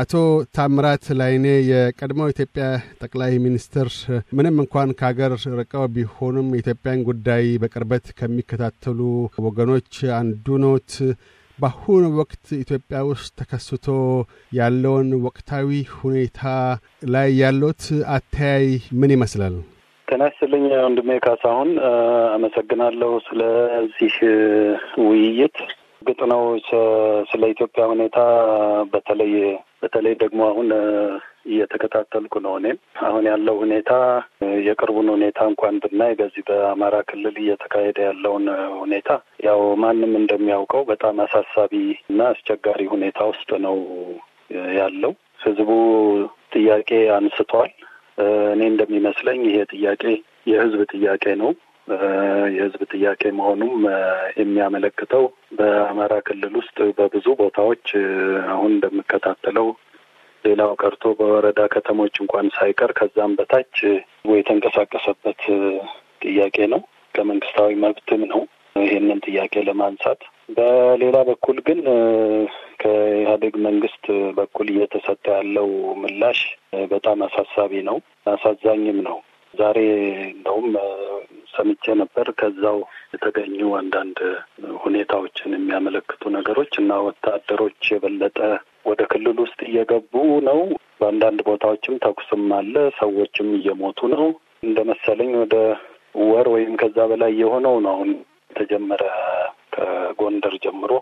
አቶ ታምራት ላይኔ የቀድሞው ኢትዮጵያ ጠቅላይ ሚኒስትር ምንም እንኳን ከሀገር ርቀው ቢሆኑም የኢትዮጵያን ጉዳይ በቅርበት ከሚከታተሉ ወገኖች አንዱ ኖት። በአሁኑ ወቅት ኢትዮጵያ ውስጥ ተከስቶ ያለውን ወቅታዊ ሁኔታ ላይ ያሉት አተያይ ምን ይመስላል? ጤና ይስጥልኝ ወንድሜ ካሳሁን፣ አመሰግናለሁ ስለዚህ ውይይት። ግጥ ነው። ስለ ኢትዮጵያ ሁኔታ በተለይ በተለይ ደግሞ አሁን እየተከታተልኩ ነው። እኔም አሁን ያለው ሁኔታ የቅርቡን ሁኔታ እንኳን ብናይ በዚህ በአማራ ክልል እየተካሄደ ያለውን ሁኔታ ያው ማንም እንደሚያውቀው በጣም አሳሳቢ እና አስቸጋሪ ሁኔታ ውስጥ ነው ያለው። ህዝቡ ጥያቄ አንስቷል። እኔ እንደሚመስለኝ ይሄ ጥያቄ የህዝብ ጥያቄ ነው። የህዝብ ጥያቄ መሆኑም የሚያመለክተው በአማራ ክልል ውስጥ በብዙ ቦታዎች አሁን እንደምከታተለው ሌላው ቀርቶ በወረዳ ከተሞች እንኳን ሳይቀር ከዛም በታች የተንቀሳቀሰበት ጥያቄ ነው። ከመንግስታዊ መብትም ነው ይህንን ጥያቄ ለማንሳት። በሌላ በኩል ግን ከኢህአዴግ መንግስት በኩል እየተሰጠ ያለው ምላሽ በጣም አሳሳቢ ነው፣ አሳዛኝም ነው። ዛሬ እንደውም ሰምቼ ነበር ከዛው የተገኙ አንዳንድ ሁኔታዎችን የሚያመለክቱ ነገሮች እና ወታደሮች የበለጠ ወደ ክልል ውስጥ እየገቡ ነው። በአንዳንድ ቦታዎችም ተኩስም አለ። ሰዎችም እየሞቱ ነው። እንደመሰለኝ ወደ ወር ወይም ከዛ በላይ የሆነው ነው አሁን የተጀመረ ከጎንደር ጀምሮ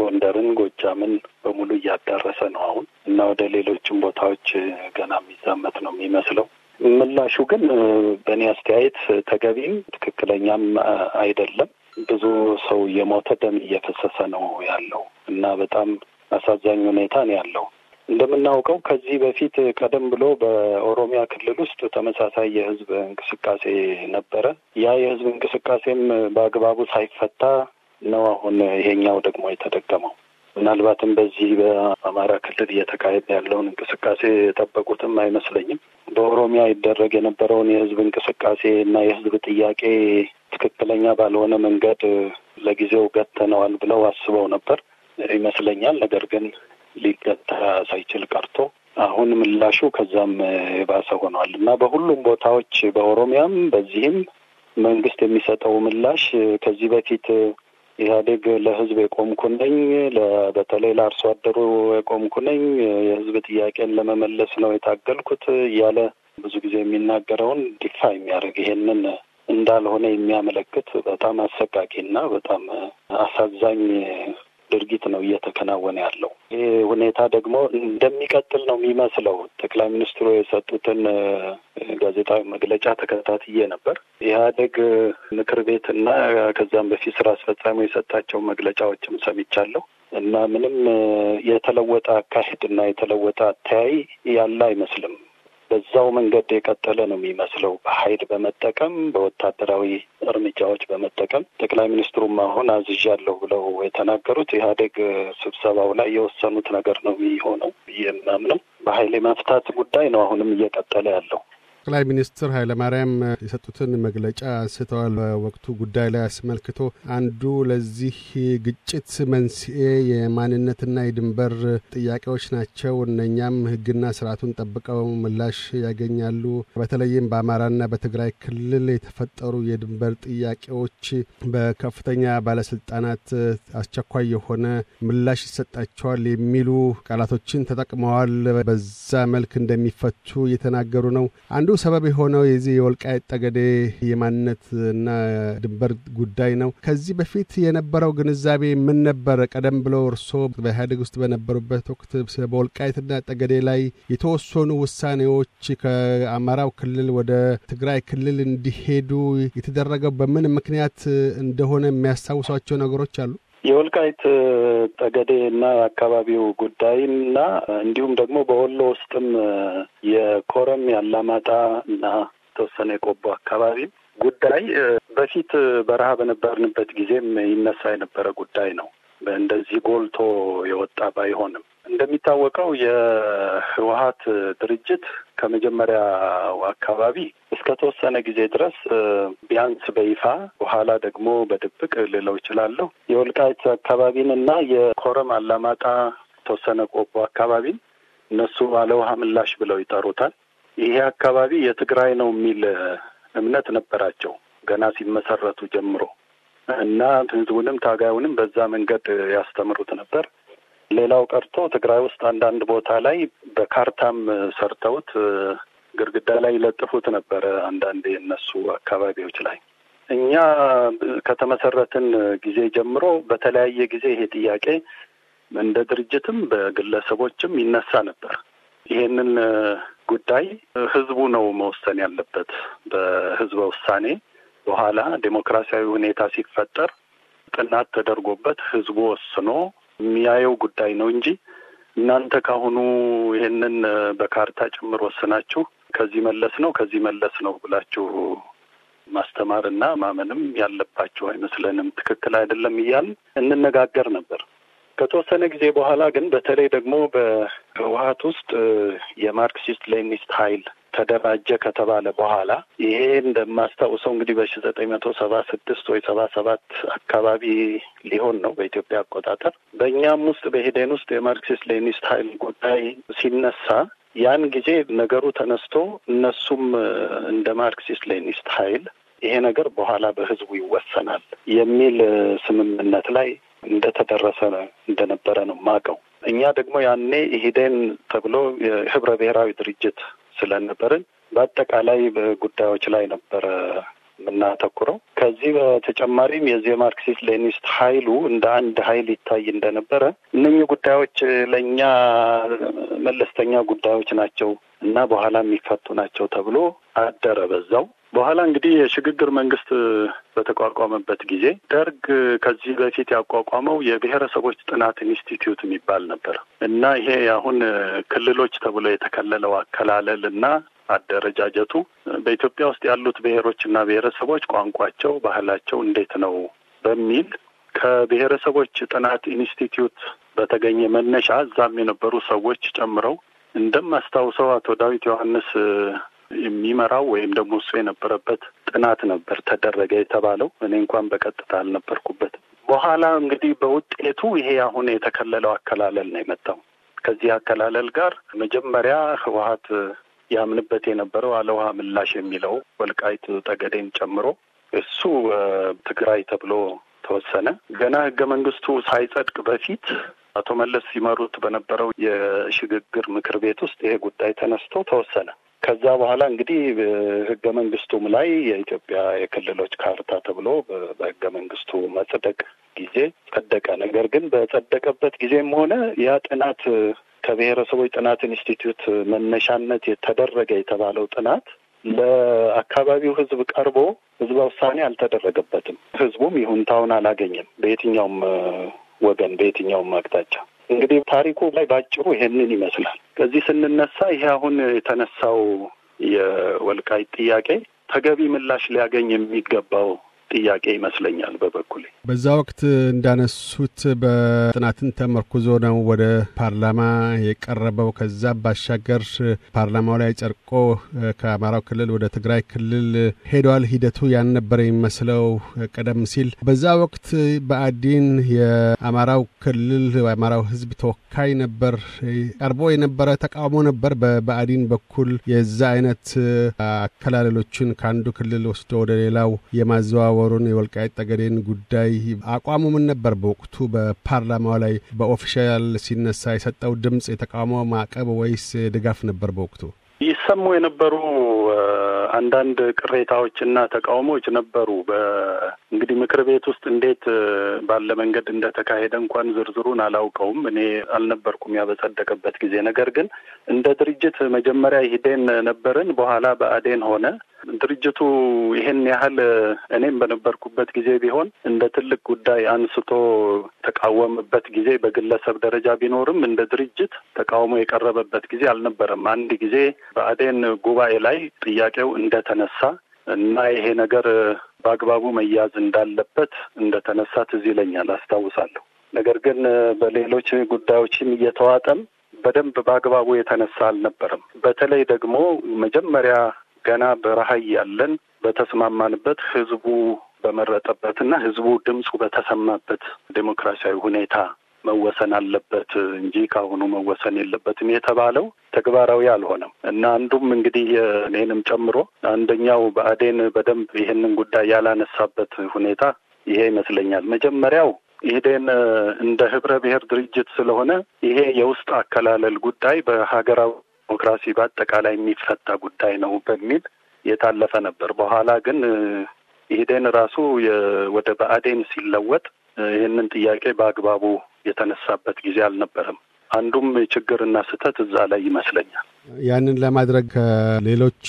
ጎንደርን፣ ጎጃምን በሙሉ እያዳረሰ ነው አሁን እና ወደ ሌሎችም ቦታዎች ገና የሚዛመት ነው የሚመስለው። ምላሹ ግን በእኔ አስተያየት ተገቢም ትክክለኛም አይደለም። ብዙ ሰው እየሞተ ደም እየፈሰሰ ነው ያለው እና በጣም አሳዛኝ ሁኔታ ነው ያለው። እንደምናውቀው ከዚህ በፊት ቀደም ብሎ በኦሮሚያ ክልል ውስጥ ተመሳሳይ የህዝብ እንቅስቃሴ ነበረ። ያ የህዝብ እንቅስቃሴም በአግባቡ ሳይፈታ ነው አሁን ይሄኛው ደግሞ የተደገመው። ምናልባትም በዚህ በአማራ ክልል እየተካሄደ ያለውን እንቅስቃሴ የጠበቁትም አይመስለኝም። በኦሮሚያ ይደረግ የነበረውን የህዝብ እንቅስቃሴ እና የህዝብ ጥያቄ ትክክለኛ ባልሆነ መንገድ ለጊዜው ገተነዋል ብለው አስበው ነበር ይመስለኛል። ነገር ግን ሊገታ ሳይችል ቀርቶ አሁን ምላሹ ከዛም የባሰ ሆኗል እና በሁሉም ቦታዎች በኦሮሚያም በዚህም መንግስት የሚሰጠው ምላሽ ከዚህ በፊት ኢህአዴግ ለህዝብ የቆምኩ ነኝ፣ በተለይ ለአርሶ አደሩ የቆምኩ ነኝ፣ የህዝብ ጥያቄን ለመመለስ ነው የታገልኩት እያለ ብዙ ጊዜ የሚናገረውን ዲፋ የሚያደርግ ይሄንን እንዳልሆነ የሚያመለክት በጣም አሰቃቂና በጣም አሳዛኝ ድርጊት ነው እየተከናወነ ያለው። ይህ ሁኔታ ደግሞ እንደሚቀጥል ነው የሚመስለው። ጠቅላይ ሚኒስትሩ የሰጡትን ጋዜጣዊ መግለጫ ተከታትዬ ነበር። ኢህአዴግ ምክር ቤት እና ከዛም በፊት ስራ አስፈጻሚ የሰጣቸው መግለጫዎችም ሰምቻለሁ እና ምንም የተለወጠ አካሄድ እና የተለወጠ አተያይ ያለ አይመስልም። በዛው መንገድ የቀጠለ ነው የሚመስለው። በኃይል በመጠቀም በወታደራዊ እርምጃዎች በመጠቀም ጠቅላይ ሚኒስትሩም አሁን አዝዣለሁ ብለው የተናገሩት ኢህአዴግ ስብሰባው ላይ የወሰኑት ነገር ነው የሚሆነው ብዬ የማምነው። በኃይል የመፍታት ጉዳይ ነው አሁንም እየቀጠለ ያለው። ጠቅላይ ሚኒስትር ኃይለማርያም የሰጡትን መግለጫ አንስተዋል። በወቅቱ ጉዳይ ላይ አስመልክቶ አንዱ ለዚህ ግጭት መንስኤ የማንነትና የድንበር ጥያቄዎች ናቸው፣ እነኛም ሕግና ስርዓቱን ጠብቀው ምላሽ ያገኛሉ። በተለይም በአማራና በትግራይ ክልል የተፈጠሩ የድንበር ጥያቄዎች በከፍተኛ ባለስልጣናት አስቸኳይ የሆነ ምላሽ ይሰጣቸዋል የሚሉ ቃላቶችን ተጠቅመዋል። በዛ መልክ እንደሚፈቱ እየተናገሩ ነው አንዱ አንዱ ሰበብ የሆነው የዚህ የወልቃይት ጠገዴ እና ድንበር ጉዳይ ነው። ከዚህ በፊት የነበረው ግንዛቤ ምን ነበረ? ቀደም ብሎ እርስዎ በኢህአዴግ ውስጥ በነበሩበት ወቅት በወልቃይትና ጠገዴ ላይ የተወሰኑ ውሳኔዎች ከአማራው ክልል ወደ ትግራይ ክልል እንዲሄዱ የተደረገው በምን ምክንያት እንደሆነ የሚያስታውሷቸው ነገሮች አሉ? የወልቃይት ጠገዴ እና አካባቢው እና እንዲሁም ደግሞ በወሎ ውስጥም የኮረም ያላማጣ እና የተወሰነ የቆቦ አካባቢ ጉዳይ በፊት በረሃ በነበርንበት ጊዜም ይነሳ የነበረ ጉዳይ ነው። እንደዚህ ጎልቶ የወጣ ባይሆንም እንደሚታወቀው የህወሀት ድርጅት ከመጀመሪያው አካባቢ እስከ ተወሰነ ጊዜ ድረስ ቢያንስ በይፋ በኋላ ደግሞ በድብቅ ልለው ይችላለሁ። የወልቃይት አካባቢን እና የኮረም አላማጣ ተወሰነ ቆቦ አካባቢን እነሱ ባለ ምላሽ ብለው ይጠሩታል። ይሄ አካባቢ የትግራይ ነው የሚል እምነት ነበራቸው ገና ሲመሰረቱ ጀምሮ እና ህዝቡንም ታጋዩንም በዛ መንገድ ያስተምሩት ነበር። ሌላው ቀርቶ ትግራይ ውስጥ አንዳንድ ቦታ ላይ በካርታም ሰርተውት ግድግዳ ላይ ይለጥፉት ነበረ። አንዳንድ የነሱ አካባቢዎች ላይ እኛ ከተመሰረትን ጊዜ ጀምሮ በተለያየ ጊዜ ይሄ ጥያቄ እንደ ድርጅትም በግለሰቦችም ይነሳ ነበር። ይሄንን ጉዳይ ህዝቡ ነው መወሰን ያለበት በህዝበ ውሳኔ በኋላ ዴሞክራሲያዊ ሁኔታ ሲፈጠር ጥናት ተደርጎበት ህዝቡ ወስኖ የሚያየው ጉዳይ ነው እንጂ እናንተ ካሁኑ ይሄንን በካርታ ጭምር ወስናችሁ ከዚህ መለስ ነው ከዚህ መለስ ነው ብላችሁ ማስተማርና ማመንም ያለባችሁ አይመስለንም። ትክክል አይደለም እያልን እንነጋገር ነበር። ከተወሰነ ጊዜ በኋላ ግን በተለይ ደግሞ በህወሀት ውስጥ የማርክሲስት ሌኒስት ኃይል ተደራጀ ከተባለ በኋላ ይሄ እንደማስታውሰው እንግዲህ በሺ ዘጠኝ መቶ ሰባ ስድስት ወይ ሰባ ሰባት አካባቢ ሊሆን ነው በኢትዮጵያ አቆጣጠር። በእኛም ውስጥ በሄደን ውስጥ የማርክሲስት ሌኒስት ኃይል ጉዳይ ሲነሳ ያን ጊዜ ነገሩ ተነስቶ እነሱም እንደ ማርክሲስት ሌኒስት ኃይል ይሄ ነገር በኋላ በህዝቡ ይወሰናል የሚል ስምምነት ላይ እንደተደረሰ እንደነበረ ነው ማቀው። እኛ ደግሞ ያኔ ኢህዴን ተብሎ የህብረ ብሔራዊ ድርጅት ስለነበርን በአጠቃላይ በጉዳዮች ላይ ነበረ የምናተኩረው። ከዚህ በተጨማሪም የዚህ የማርክሲስት ሌኒስት ኃይሉ እንደ አንድ ኃይል ይታይ እንደነበረ እነኚህ ጉዳዮች ለእኛ መለስተኛ ጉዳዮች ናቸው እና በኋላ የሚፈቱ ናቸው ተብሎ አደረ በዛው። በኋላ እንግዲህ የሽግግር መንግስት በተቋቋመበት ጊዜ ደርግ ከዚህ በፊት ያቋቋመው የብሔረሰቦች ጥናት ኢንስቲትዩት የሚባል ነበር እና ይሄ አሁን ክልሎች ተብሎ የተከለለው አከላለል እና አደረጃጀቱ በኢትዮጵያ ውስጥ ያሉት ብሔሮችና ብሔረሰቦች ቋንቋቸው፣ ባህላቸው እንዴት ነው በሚል ከብሔረሰቦች ጥናት ኢንስቲትዩት በተገኘ መነሻ እዛም የነበሩ ሰዎች ጨምረው እንደማስታውሰው አቶ ዳዊት ዮሐንስ የሚመራው ወይም ደግሞ እሱ የነበረበት ጥናት ነበር ተደረገ የተባለው። እኔ እንኳን በቀጥታ አልነበርኩበትም። በኋላ እንግዲህ በውጤቱ ይሄ አሁን የተከለለው አከላለል ነው የመጣው። ከዚህ አከላለል ጋር መጀመሪያ ህወሀት ያምንበት የነበረው አለውሃ ምላሽ የሚለው ወልቃይት ጠገዴን ጨምሮ እሱ ትግራይ ተብሎ ተወሰነ። ገና ህገ መንግስቱ ሳይጸድቅ በፊት አቶ መለስ ሲመሩት በነበረው የሽግግር ምክር ቤት ውስጥ ይሄ ጉዳይ ተነስቶ ተወሰነ። ከዛ በኋላ እንግዲህ ህገ መንግስቱም ላይ የኢትዮጵያ የክልሎች ካርታ ተብሎ በህገ መንግስቱ መጽደቅ ጊዜ ጸደቀ። ነገር ግን በጸደቀበት ጊዜም ሆነ ያ ጥናት ከብሔረሰቦች ጥናት ኢንስቲትዩት መነሻነት የተደረገ የተባለው ጥናት ለአካባቢው ህዝብ ቀርቦ ህዝበ ውሳኔ አልተደረገበትም። ህዝቡም ይሁንታውን አላገኘም በየትኛውም ወገን በየትኛውም አቅጣጫ እንግዲህ ታሪኩ ላይ ባጭሩ ይሄንን ይመስላል። ከዚህ ስንነሳ ይሄ አሁን የተነሳው የወልቃይት ጥያቄ ተገቢ ምላሽ ሊያገኝ የሚገባው ጥያቄ ይመስለኛል በበኩሌ። በዛ ወቅት እንዳነሱት በጥናትን ተመርኩዞ ነው ወደ ፓርላማ የቀረበው። ከዛ ባሻገር ፓርላማው ላይ ጨርቆ ከአማራው ክልል ወደ ትግራይ ክልል ሄዷል። ሂደቱ ያን ነበር የሚመስለው። ቀደም ሲል በዛ ወቅት በአዲን የአማራው ክልል የአማራው ህዝብ ተወካይ ነበር። ቀርቦ የነበረ ተቃውሞ ነበር በአዲን በኩል የዛ አይነት አከላለሎችን ከአንዱ ክልል ወስዶ ወደ ሌላው የማዘዋወ መዘዋወሩን የወልቃይት ጠገዴን ጉዳይ አቋሙ ምን ነበር? በወቅቱ በፓርላማው ላይ በኦፊሻል ሲነሳ የሰጠው ድምፅ የተቃውሞ ማዕቀብ ወይስ ድጋፍ ነበር? በወቅቱ ይሰሙ የነበሩ አንዳንድ ቅሬታዎች እና ተቃውሞዎች ነበሩ። እንግዲህ ምክር ቤት ውስጥ እንዴት ባለ መንገድ እንደተካሄደ እንኳን ዝርዝሩን አላውቀውም። እኔ አልነበርኩም ያበጸደቀበት ጊዜ። ነገር ግን እንደ ድርጅት መጀመሪያ ሂደን ነበርን፣ በኋላ በአዴን ሆነ። ድርጅቱ ይሄን ያህል እኔም በነበርኩበት ጊዜ ቢሆን እንደ ትልቅ ጉዳይ አንስቶ ተቃወምበት ጊዜ በግለሰብ ደረጃ ቢኖርም እንደ ድርጅት ተቃውሞ የቀረበበት ጊዜ አልነበረም። አንድ ጊዜ በአዴን ጉባኤ ላይ ጥያቄው እንደተነሳ እና ይሄ ነገር በአግባቡ መያዝ እንዳለበት እንደተነሳ ትዝ ይለኛል፣ አስታውሳለሁ። ነገር ግን በሌሎች ጉዳዮችም እየተዋጠም በደንብ በአግባቡ የተነሳ አልነበረም። በተለይ ደግሞ መጀመሪያ ገና በረሀይ ያለን በተስማማንበት ህዝቡ በመረጠበትና ህዝቡ ድምፁ በተሰማበት ዴሞክራሲያዊ ሁኔታ መወሰን አለበት እንጂ ከአሁኑ መወሰን የለበትም የተባለው ተግባራዊ አልሆነም እና አንዱም እንግዲህ እኔንም ጨምሮ አንደኛው በአዴን በደንብ ይህንን ጉዳይ ያላነሳበት ሁኔታ ይሄ ይመስለኛል። መጀመሪያው ኢህዴን እንደ ህብረ ብሔር ድርጅት ስለሆነ ይሄ የውስጥ አከላለል ጉዳይ በሀገራዊ ዲሞክራሲ በአጠቃላይ የሚፈታ ጉዳይ ነው በሚል የታለፈ ነበር። በኋላ ግን ኢህዴን ራሱ ወደ በአዴን ሲለወጥ ይህንን ጥያቄ በአግባቡ የተነሳበት ጊዜ አልነበረም። አንዱም ችግርና ስህተት እዛ ላይ ይመስለኛል። ያንን ለማድረግ ከሌሎች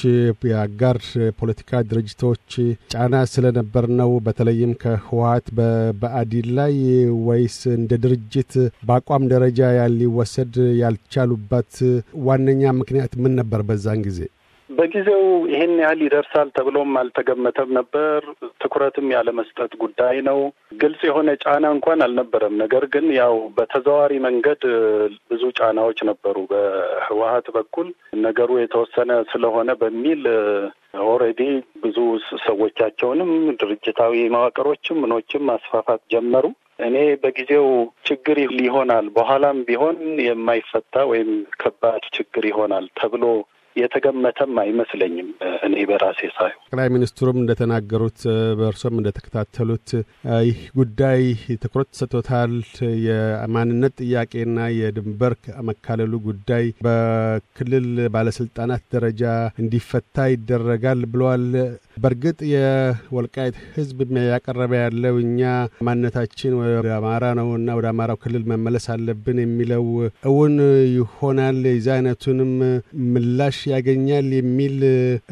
የአጋር ፖለቲካ ድርጅቶች ጫና ስለነበር ነው፣ በተለይም ከህወሀት በአዲል ላይ ወይስ እንደ ድርጅት በአቋም ደረጃ ያሊወሰድ ያልቻሉበት ዋነኛ ምክንያት ምን ነበር በዛን ጊዜ? በጊዜው ይሄን ያህል ይደርሳል ተብሎም አልተገመተም ነበር። ትኩረትም ያለመስጠት ጉዳይ ነው። ግልጽ የሆነ ጫና እንኳን አልነበረም። ነገር ግን ያው በተዘዋዋሪ መንገድ ብዙ ጫናዎች ነበሩ በህወሀት በኩል ነገሩ የተወሰነ ስለሆነ በሚል ኦልሬዲ ብዙ ሰዎቻቸውንም ድርጅታዊ መዋቅሮችም ምኖችም ማስፋፋት ጀመሩ። እኔ በጊዜው ችግር ይሆናል በኋላም ቢሆን የማይፈታ ወይም ከባድ ችግር ይሆናል ተብሎ የተገመተም አይመስለኝም። እኔ በራሴ ሳይ ጠቅላይ ሚኒስትሩም እንደተናገሩት በእርሶም እንደተከታተሉት ይህ ጉዳይ ትኩረት ሰጥቶታል የማንነት ጥያቄና የድንበር መካለሉ ጉዳይ በክልል ባለስልጣናት ደረጃ እንዲፈታ ይደረጋል ብለዋል። በእርግጥ የወልቃይት ህዝብ ያቀረበ ያለው እኛ ማንነታችን ወደ አማራ ነው እና ወደ አማራው ክልል መመለስ አለብን የሚለው እውን ይሆናል የዚ አይነቱንም ምላሽ ያገኛል የሚል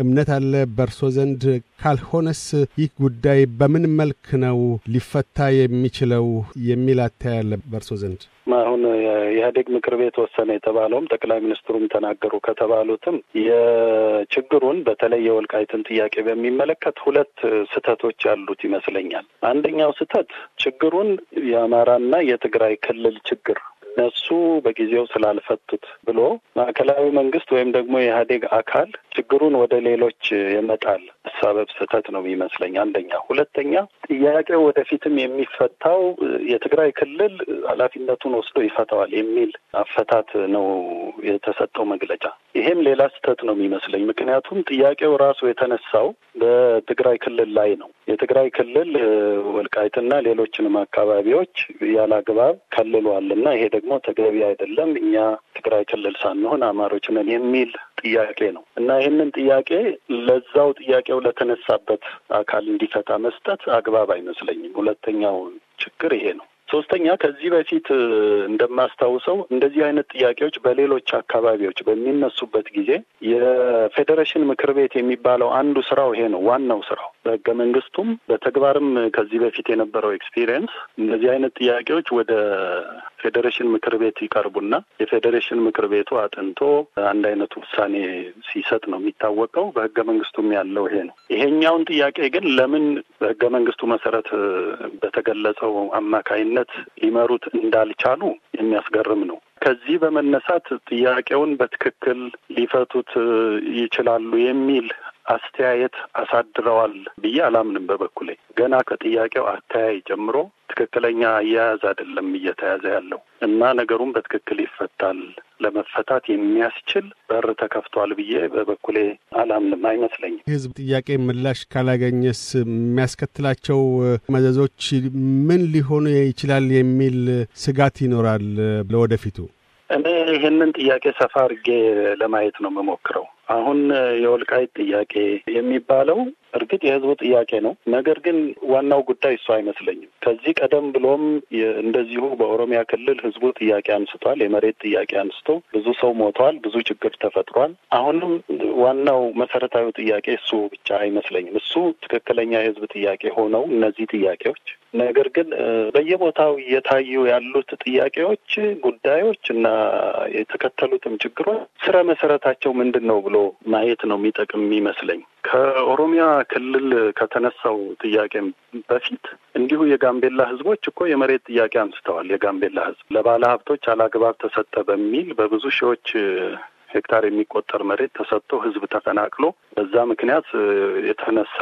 እምነት አለ በእርሶ ዘንድ? ካልሆነስ ይህ ጉዳይ በምን መልክ ነው ሊፈታ የሚችለው የሚል አታያለ በእርሶ ዘንድ? አሁን የኢህአዴግ ምክር ቤት ወሰነ የተባለውም ጠቅላይ ሚኒስትሩም ተናገሩ ከተባሉትም የችግሩን በተለይ የወልቃይትን ጥያቄ በሚመለከት ሁለት ስህተቶች ያሉት ይመስለኛል። አንደኛው ስህተት ችግሩን የአማራና የትግራይ ክልል ችግር እነሱ በጊዜው ስላልፈቱት ብሎ ማዕከላዊ መንግስት ወይም ደግሞ የኢህአዴግ አካል ችግሩን ወደ ሌሎች የመጣል ሰበብ ስህተት ነው የሚመስለኝ። አንደኛ። ሁለተኛ ጥያቄው ወደፊትም የሚፈታው የትግራይ ክልል ኃላፊነቱን ወስዶ ይፈታዋል የሚል አፈታት ነው የተሰጠው መግለጫ። ይሄም ሌላ ስህተት ነው የሚመስለኝ። ምክንያቱም ጥያቄው ራሱ የተነሳው በትግራይ ክልል ላይ ነው። የትግራይ ክልል ወልቃይትና ሌሎችንም አካባቢዎች ያለ አግባብ ከልሏል እና ይሄ ደግሞ ደግሞ ተገቢ አይደለም፣ እኛ ትግራይ ክልል ሳንሆን አማሮች ነን የሚል ጥያቄ ነው እና ይህንን ጥያቄ ለዛው ጥያቄው ለተነሳበት አካል እንዲፈታ መስጠት አግባብ አይመስለኝም። ሁለተኛው ችግር ይሄ ነው። ሶስተኛ፣ ከዚህ በፊት እንደማስታውሰው እንደዚህ አይነት ጥያቄዎች በሌሎች አካባቢዎች በሚነሱበት ጊዜ የፌዴሬሽን ምክር ቤት የሚባለው አንዱ ስራው ይሄ ነው። ዋናው ስራው በህገ መንግስቱም በተግባርም ከዚህ በፊት የነበረው ኤክስፒሪየንስ እንደዚህ አይነት ጥያቄዎች ወደ ፌዴሬሽን ምክር ቤት ይቀርቡና የፌዴሬሽን ምክር ቤቱ አጥንቶ አንድ አይነት ውሳኔ ሲሰጥ ነው የሚታወቀው። በህገ መንግስቱም ያለው ይሄ ነው። ይሄኛውን ጥያቄ ግን ለምን በህገ መንግስቱ መሰረት በተገለጸው አማካይነት ሊመሩት እንዳልቻሉ የሚያስገርም ነው። ከዚህ በመነሳት ጥያቄውን በትክክል ሊፈቱት ይችላሉ የሚል አስተያየት አሳድረዋል ብዬ አላምንም። በበኩሌ ገና ከጥያቄው አተያይ ጀምሮ ትክክለኛ አያያዝ አይደለም እየተያዘ ያለው እና ነገሩን በትክክል ይፈታል ለመፈታት የሚያስችል በር ተከፍቷል ብዬ በበኩሌ አላምንም፣ አይመስለኝም። የህዝብ ጥያቄ ምላሽ ካላገኘስ የሚያስከትላቸው መዘዞች ምን ሊሆኑ ይችላል የሚል ስጋት ይኖራል ለወደፊቱ። እኔ ይህንን ጥያቄ ሰፋ አድርጌ ለማየት ነው የምሞክረው። አሁን የወልቃይት ጥያቄ የሚባለው እርግጥ የህዝቡ ጥያቄ ነው። ነገር ግን ዋናው ጉዳይ እሱ አይመስለኝም። ከዚህ ቀደም ብሎም እንደዚሁ በኦሮሚያ ክልል ህዝቡ ጥያቄ አንስቷል። የመሬት ጥያቄ አንስቶ ብዙ ሰው ሞቷል፣ ብዙ ችግር ተፈጥሯል። አሁንም ዋናው መሰረታዊ ጥያቄ እሱ ብቻ አይመስለኝም። እሱ ትክክለኛ የህዝብ ጥያቄ ሆነው እነዚህ ጥያቄዎች ነገር ግን በየቦታው እየታዩ ያሉት ጥያቄዎች፣ ጉዳዮች እና የተከተሉትም ችግሮች ስረ መሰረታቸው ምንድን ነው ብሎ ማየት ነው የሚጠቅም የሚመስለኝ ከኦሮሚያ ክልል ከተነሳው ጥያቄም በፊት እንዲሁ የጋምቤላ ሕዝቦች እኮ የመሬት ጥያቄ አንስተዋል። የጋምቤላ ሕዝብ ለባለ ሀብቶች አላግባብ ተሰጠ በሚል በብዙ ሺዎች ሄክታር የሚቆጠር መሬት ተሰጥቶ ሕዝብ ተፈናቅሎ በዛ ምክንያት የተነሳ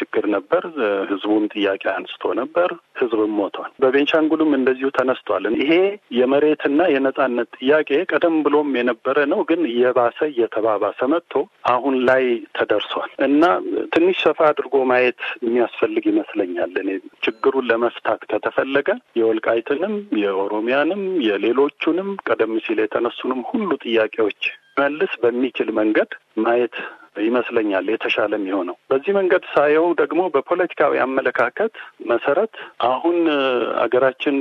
ችግር ነበር። ህዝቡም ጥያቄ አንስቶ ነበር። ህዝብም ሞቷል። በቤንሻንጉልም እንደዚሁ ተነስቷል። ይሄ የመሬትና የነጻነት ጥያቄ ቀደም ብሎም የነበረ ነው፣ ግን እየባሰ እየተባባሰ መጥቶ አሁን ላይ ተደርሷል እና ትንሽ ሰፋ አድርጎ ማየት የሚያስፈልግ ይመስለኛል። እኔ ችግሩን ለመፍታት ከተፈለገ የወልቃይትንም፣ የኦሮሚያንም፣ የሌሎቹንም ቀደም ሲል የተነሱንም ሁሉ ጥያቄዎች መልስ በሚችል መንገድ ማየት ይመስለኛል የተሻለ የሚሆነው። በዚህ መንገድ ሳየው ደግሞ በፖለቲካዊ አመለካከት መሰረት አሁን አገራችን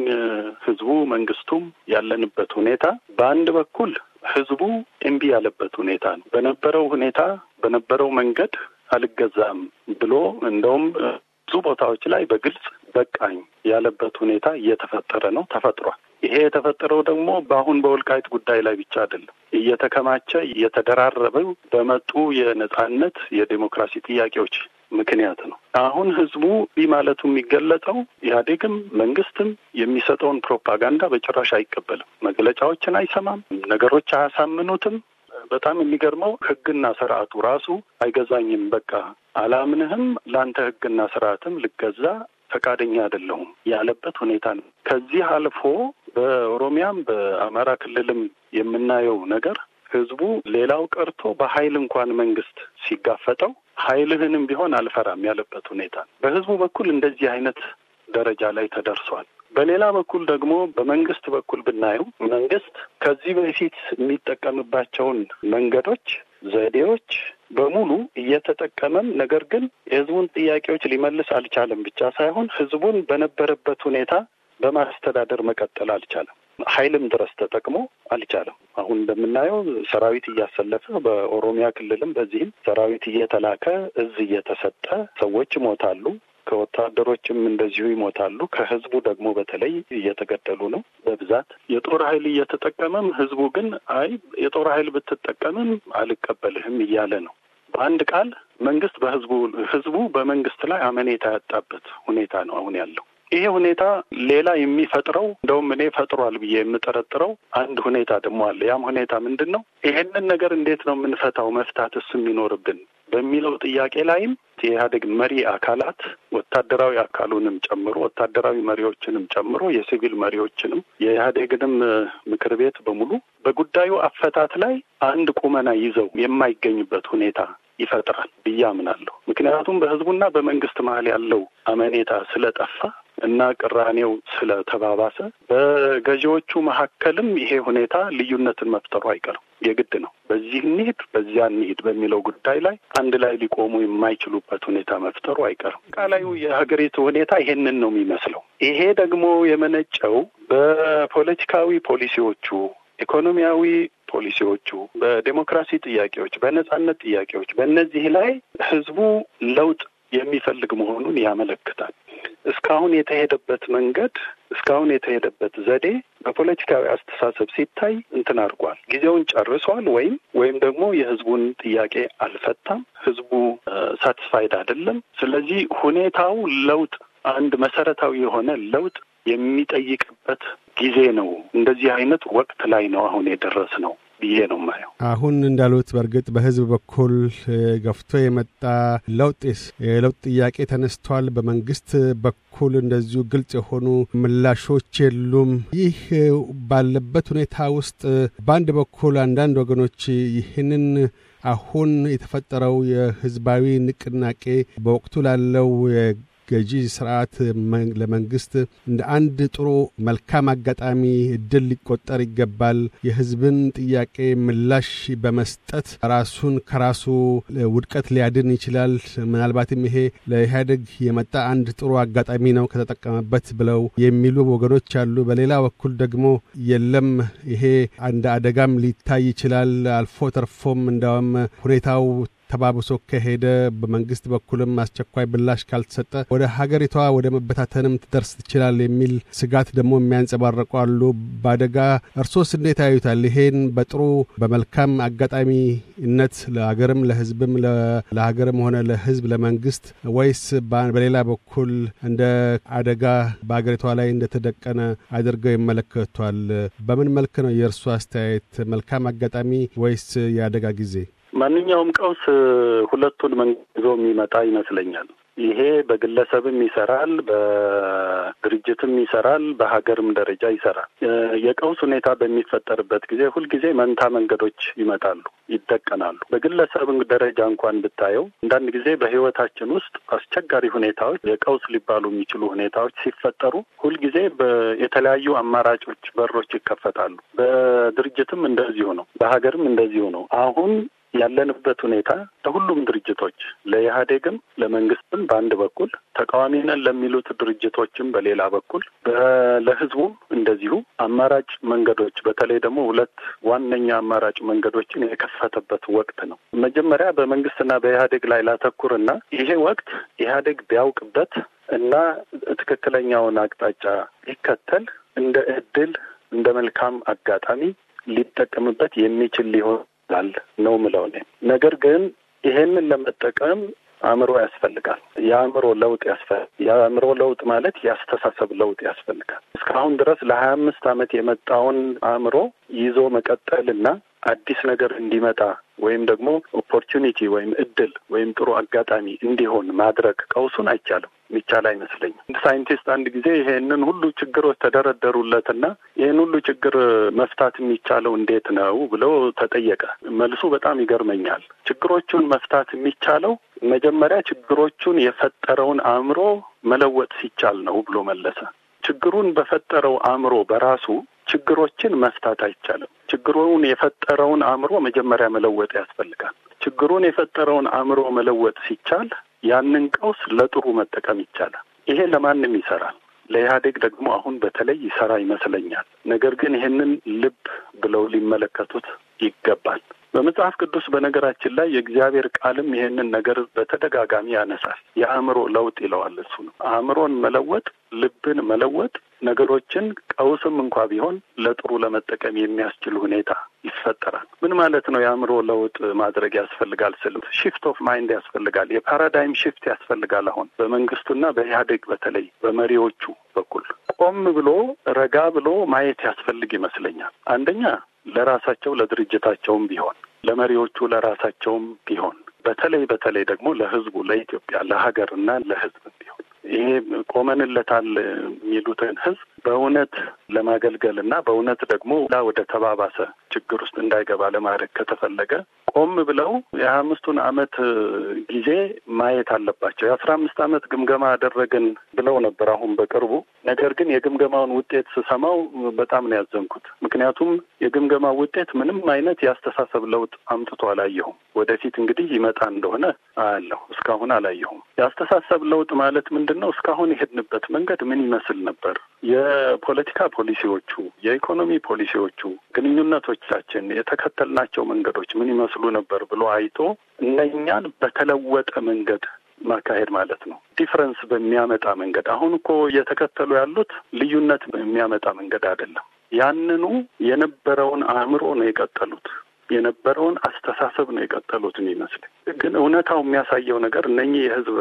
ህዝቡ፣ መንግስቱም ያለንበት ሁኔታ በአንድ በኩል ህዝቡ እምቢ ያለበት ሁኔታ ነው። በነበረው ሁኔታ በነበረው መንገድ አልገዛም ብሎ እንደውም ብዙ ቦታዎች ላይ በግልጽ በቃኝ ያለበት ሁኔታ እየተፈጠረ ነው፣ ተፈጥሯል። ይሄ የተፈጠረው ደግሞ በአሁን በወልቃይት ጉዳይ ላይ ብቻ አይደለም። እየተከማቸ እየተደራረበው በመጡ የነጻነት የዴሞክራሲ ጥያቄዎች ምክንያት ነው። አሁን ህዝቡ ይህ ማለቱ የሚገለጠው ኢህአዴግም መንግስትም የሚሰጠውን ፕሮፓጋንዳ በጭራሽ አይቀበልም። መግለጫዎችን አይሰማም። ነገሮች አያሳምኑትም። በጣም የሚገርመው ህግና ስርዓቱ ራሱ አይገዛኝም፣ በቃ አላምንህም፣ ለአንተ ህግና ስርዓትም ልገዛ ፈቃደኛ አይደለሁም ያለበት ሁኔታ ነው። ከዚህ አልፎ በኦሮሚያም በአማራ ክልልም የምናየው ነገር ህዝቡ ሌላው ቀርቶ በኃይል እንኳን መንግስት ሲጋፈጠው ኃይልህንም ቢሆን አልፈራም ያለበት ሁኔታ ነው። በህዝቡ በኩል እንደዚህ አይነት ደረጃ ላይ ተደርሷል። በሌላ በኩል ደግሞ በመንግስት በኩል ብናየው መንግስት ከዚህ በፊት የሚጠቀምባቸውን መንገዶች፣ ዘዴዎች በሙሉ እየተጠቀመም ነገር ግን የህዝቡን ጥያቄዎች ሊመልስ አልቻለም ብቻ ሳይሆን ህዝቡን በነበረበት ሁኔታ በማስተዳደር መቀጠል አልቻለም። ኃይልም ድረስ ተጠቅሞ አልቻለም። አሁን እንደምናየው ሰራዊት እያሰለፈ በኦሮሚያ ክልልም በዚህም ሰራዊት እየተላከ እዝ እየተሰጠ ሰዎች ይሞታሉ። ከወታደሮችም እንደዚሁ ይሞታሉ። ከህዝቡ ደግሞ በተለይ እየተገደሉ ነው በብዛት የጦር ኃይል እየተጠቀመም ህዝቡ ግን አይ የጦር ኃይል ብትጠቀምም አልቀበልህም እያለ ነው። በአንድ ቃል መንግስት በህዝቡ ህዝቡ በመንግስት ላይ አመኔታ ያጣበት ሁኔታ ነው አሁን ያለው። ይሄ ሁኔታ ሌላ የሚፈጥረው እንደውም እኔ ፈጥሯል ብዬ የምጠረጥረው አንድ ሁኔታ ደግሞ አለ። ያም ሁኔታ ምንድን ነው? ይሄንን ነገር እንዴት ነው የምንፈታው? እሱ የሚኖርብን በሚለው ጥያቄ ላይም የኢህአዴግ መሪ አካላት ወታደራዊ አካሉንም ጨምሮ ወታደራዊ መሪዎችንም ጨምሮ የሲቪል መሪዎችንም የኢህአዴግንም ምክር ቤት በሙሉ በጉዳዩ አፈታት ላይ አንድ ቁመና ይዘው የማይገኝበት ሁኔታ ይፈጥራል ብዬ አምናለሁ። ምክንያቱም በህዝቡና በመንግስት መሀል ያለው አመኔታ ስለጠፋ እና ቅራኔው ስለተባባሰ በገዢዎቹ መካከልም ይሄ ሁኔታ ልዩነትን መፍጠሩ አይቀርም። የግድ ነው። በዚህ እንሂድ፣ በዚያ እንሂድ በሚለው ጉዳይ ላይ አንድ ላይ ሊቆሙ የማይችሉበት ሁኔታ መፍጠሩ አይቀርም። ቃላዩ የሀገሪቱ ሁኔታ ይሄንን ነው የሚመስለው። ይሄ ደግሞ የመነጨው በፖለቲካዊ ፖሊሲዎቹ ኢኮኖሚያዊ ፖሊሲዎቹ፣ በዴሞክራሲ ጥያቄዎች፣ በነጻነት ጥያቄዎች በእነዚህ ላይ ህዝቡ ለውጥ የሚፈልግ መሆኑን ያመለክታል። እስካሁን የተሄደበት መንገድ እስካሁን የተሄደበት ዘዴ በፖለቲካዊ አስተሳሰብ ሲታይ እንትን አድርጓል። ጊዜውን ጨርሷል ወይም ወይም ደግሞ የህዝቡን ጥያቄ አልፈታም። ህዝቡ ሳትስፋይድ አይደለም። ስለዚህ ሁኔታው ለውጥ አንድ መሰረታዊ የሆነ ለውጥ የሚጠይቅበት ጊዜ ነው። እንደዚህ አይነት ወቅት ላይ ነው አሁን የደረስ ነው ብዬ ነው የማየው። አሁን እንዳሉት በእርግጥ በህዝብ በኩል ገፍቶ የመጣ ለውጥ የለውጥ ጥያቄ ተነስቷል። በመንግስት በኩል እንደዚሁ ግልጽ የሆኑ ምላሾች የሉም። ይህ ባለበት ሁኔታ ውስጥ በአንድ በኩል አንዳንድ ወገኖች ይህንን አሁን የተፈጠረው የህዝባዊ ንቅናቄ በወቅቱ ላለው ገዢ ስርዓት ለመንግስት እንደ አንድ ጥሩ መልካም አጋጣሚ እድል ሊቆጠር ይገባል። የህዝብን ጥያቄ ምላሽ በመስጠት ራሱን ከራሱ ውድቀት ሊያድን ይችላል። ምናልባትም ይሄ ለኢህአዴግ የመጣ አንድ ጥሩ አጋጣሚ ነው ከተጠቀመበት ብለው የሚሉ ወገኖች አሉ። በሌላ በኩል ደግሞ የለም ይሄ እንደ አደጋም ሊታይ ይችላል። አልፎ ተርፎም እንዳውም ሁኔታው ተባብሶ ከሄደ በመንግስት በኩልም አስቸኳይ ብላሽ ካልተሰጠ ወደ ሀገሪቷ ወደ መበታተንም ትደርስ ትችላል የሚል ስጋት ደግሞ የሚያንጸባርቁ አሉ። በአደጋ እርሶስ እንዴት ያዩታል? ይሄን በጥሩ በመልካም አጋጣሚነት ለሀገርም ለህዝብም ለሀገርም ሆነ ለህዝብ ለመንግስት ወይስ በሌላ በኩል እንደ አደጋ በሀገሪቷ ላይ እንደተደቀነ አድርገው ይመለከቷል? በምን መልክ ነው የእርሱ አስተያየት? መልካም አጋጣሚ ወይስ የአደጋ ጊዜ? ማንኛውም ቀውስ ሁለቱን መንገድ ይዞ የሚመጣ ይመስለኛል። ይሄ በግለሰብም ይሰራል፣ በድርጅትም ይሰራል፣ በሀገርም ደረጃ ይሰራል። የቀውስ ሁኔታ በሚፈጠርበት ጊዜ ሁልጊዜ መንታ መንገዶች ይመጣሉ፣ ይደቀናሉ። በግለሰብ ደረጃ እንኳን ብታየው አንዳንድ ጊዜ በሕይወታችን ውስጥ አስቸጋሪ ሁኔታዎች፣ የቀውስ ሊባሉ የሚችሉ ሁኔታዎች ሲፈጠሩ ሁልጊዜ የተለያዩ አማራጮች በሮች ይከፈታሉ። በድርጅትም እንደዚሁ ነው፣ በሀገርም እንደዚሁ ነው። አሁን ያለንበት ሁኔታ ለሁሉም ድርጅቶች ለኢህአዴግም ለመንግስትም በአንድ በኩል ተቃዋሚ ነን ለሚሉት ድርጅቶችም በሌላ በኩል ለህዝቡም እንደዚሁ አማራጭ መንገዶች በተለይ ደግሞ ሁለት ዋነኛ አማራጭ መንገዶችን የከፈተበት ወቅት ነው። መጀመሪያ በመንግስትና በኢህአዴግ ላይ ላተኩርና ይሄ ወቅት ኢህአዴግ ቢያውቅበት እና ትክክለኛውን አቅጣጫ ቢከተል እንደ እድል እንደ መልካም አጋጣሚ ሊጠቀምበት የሚችል ሊሆን ይመስላል ነው ምለው እኔ። ነገር ግን ይሄንን ለመጠቀም አእምሮ ያስፈልጋል። የአእምሮ ለውጥ ያስፈልጋል። የአእምሮ ለውጥ ማለት የአስተሳሰብ ለውጥ ያስፈልጋል። እስካሁን ድረስ ለሀያ አምስት አመት የመጣውን አእምሮ ይዞ መቀጠል እና አዲስ ነገር እንዲመጣ ወይም ደግሞ ኦፖርቹኒቲ ወይም እድል ወይም ጥሩ አጋጣሚ እንዲሆን ማድረግ ቀውሱን አይቻልም። የሚቻል አይመስለኝም። ሳይንቲስት አንድ ጊዜ ይሄንን ሁሉ ችግሮች ተደረደሩለትና ይህን ሁሉ ችግር መፍታት የሚቻለው እንዴት ነው ብለው ተጠየቀ። መልሱ በጣም ይገርመኛል። ችግሮቹን መፍታት የሚቻለው መጀመሪያ ችግሮቹን የፈጠረውን አእምሮ መለወጥ ሲቻል ነው ብሎ መለሰ። ችግሩን በፈጠረው አእምሮ በራሱ ችግሮችን መፍታት አይቻልም። ችግሩን የፈጠረውን አእምሮ መጀመሪያ መለወጥ ያስፈልጋል። ችግሩን የፈጠረውን አእምሮ መለወጥ ሲቻል ያንን ቀውስ ለጥሩ መጠቀም ይቻላል። ይሄ ለማንም ይሰራል። ለኢህአዴግ ደግሞ አሁን በተለይ ይሰራ ይመስለኛል። ነገር ግን ይህንን ልብ ብለው ሊመለከቱት ይገባል። በመጽሐፍ ቅዱስ በነገራችን ላይ የእግዚአብሔር ቃልም ይህንን ነገር በተደጋጋሚ ያነሳል። የአእምሮ ለውጥ ይለዋል። እሱ ነው አእምሮን መለወጥ ልብን መለወጥ ነገሮችን ቀውስም እንኳ ቢሆን ለጥሩ ለመጠቀም የሚያስችል ሁኔታ ይፈጠራል። ምን ማለት ነው? የአእምሮ ለውጥ ማድረግ ያስፈልጋል ስል ሽፍት ኦፍ ማይንድ ያስፈልጋል፣ የፓራዳይም ሽፍት ያስፈልጋል። አሁን በመንግስቱና በኢህአዴግ በተለይ በመሪዎቹ በኩል ቆም ብሎ ረጋ ብሎ ማየት ያስፈልግ ይመስለኛል። አንደኛ ለራሳቸው ለድርጅታቸውም ቢሆን ለመሪዎቹ ለራሳቸውም ቢሆን በተለይ በተለይ ደግሞ ለህዝቡ ለኢትዮጵያ ለሀገርና ለህዝብ ቢሆን ይሄ ቆመንለታል የሚሉትን ህዝብ በእውነት ለማገልገል እና በእውነት ደግሞ ወደ ተባባሰ ችግር ውስጥ እንዳይገባ ለማድረግ ከተፈለገ ቆም ብለው የሀያ አመት ጊዜ ማየት አለባቸው። የአስራ አምስት አመት ግምገማ አደረግን ብለው ነበር አሁን በቅርቡ። ነገር ግን የግምገማውን ውጤት ስሰማው በጣም ነው ያዘንኩት። ምክንያቱም የግምገማ ውጤት ምንም አይነት የአስተሳሰብ ለውጥ አምጥቶ አላየሁም። ወደፊት እንግዲህ ይመጣ እንደሆነ አያለሁ፣ እስካሁን አላየሁም። የአስተሳሰብ ለውጥ ማለት ምንድን ነው? እስካሁን የሄድንበት መንገድ ምን ይመስል ነበር? የፖለቲካ ፖሊሲዎቹ፣ የኢኮኖሚ ፖሊሲዎቹ፣ ግንኙነቶቻችን፣ የተከተልናቸው መንገዶች ምን ይመስሉ ነበር ብሎ አይቶ እነኛን በተለወጠ መንገድ ማካሄድ ማለት ነው። ዲፍረንስ በሚያመጣ መንገድ አሁን እኮ እየተከተሉ ያሉት ልዩነት በሚያመጣ መንገድ አይደለም። ያንኑ የነበረውን አእምሮ ነው የቀጠሉት የነበረውን አስተሳሰብ ነው የቀጠሉት የሚመስል። ግን እውነታው የሚያሳየው ነገር እነኚህ የህዝብ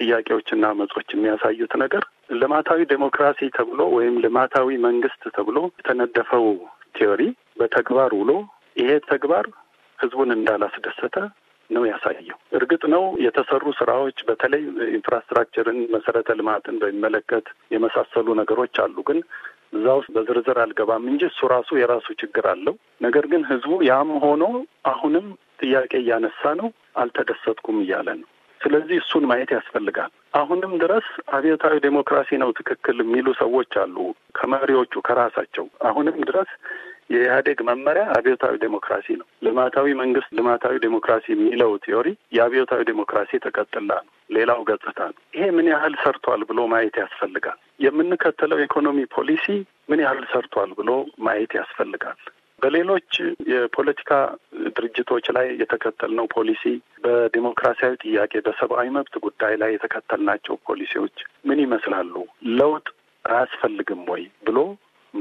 ጥያቄዎችና አመጾች የሚያሳዩት ነገር ልማታዊ ዴሞክራሲ ተብሎ ወይም ልማታዊ መንግስት ተብሎ የተነደፈው ቲዮሪ በተግባር ውሎ ይሄ ተግባር ህዝቡን እንዳላስደሰተ ነው ያሳየው። እርግጥ ነው የተሰሩ ስራዎች በተለይ ኢንፍራስትራክቸርን፣ መሰረተ ልማትን በሚመለከት የመሳሰሉ ነገሮች አሉ ግን እዛ ውስጥ በዝርዝር አልገባም እንጂ እሱ ራሱ የራሱ ችግር አለው። ነገር ግን ህዝቡ ያም ሆኖ አሁንም ጥያቄ እያነሳ ነው፣ አልተደሰትኩም እያለ ነው። ስለዚህ እሱን ማየት ያስፈልጋል። አሁንም ድረስ አብዮታዊ ዴሞክራሲ ነው ትክክል የሚሉ ሰዎች አሉ፣ ከመሪዎቹ ከራሳቸው አሁንም ድረስ የኢህአዴግ መመሪያ አብዮታዊ ዴሞክራሲ ነው። ልማታዊ መንግስት፣ ልማታዊ ዴሞክራሲ የሚለው ቲዮሪ የአብዮታዊ ዴሞክራሲ ተቀጥላ ነው፣ ሌላው ገጽታ ነው። ይሄ ምን ያህል ሰርቷል ብሎ ማየት ያስፈልጋል። የምንከተለው ኢኮኖሚ ፖሊሲ ምን ያህል ሰርቷል ብሎ ማየት ያስፈልጋል። በሌሎች የፖለቲካ ድርጅቶች ላይ የተከተልነው ፖሊሲ፣ በዲሞክራሲያዊ ጥያቄ፣ በሰብአዊ መብት ጉዳይ ላይ የተከተልናቸው ፖሊሲዎች ምን ይመስላሉ? ለውጥ አያስፈልግም ወይ ብሎ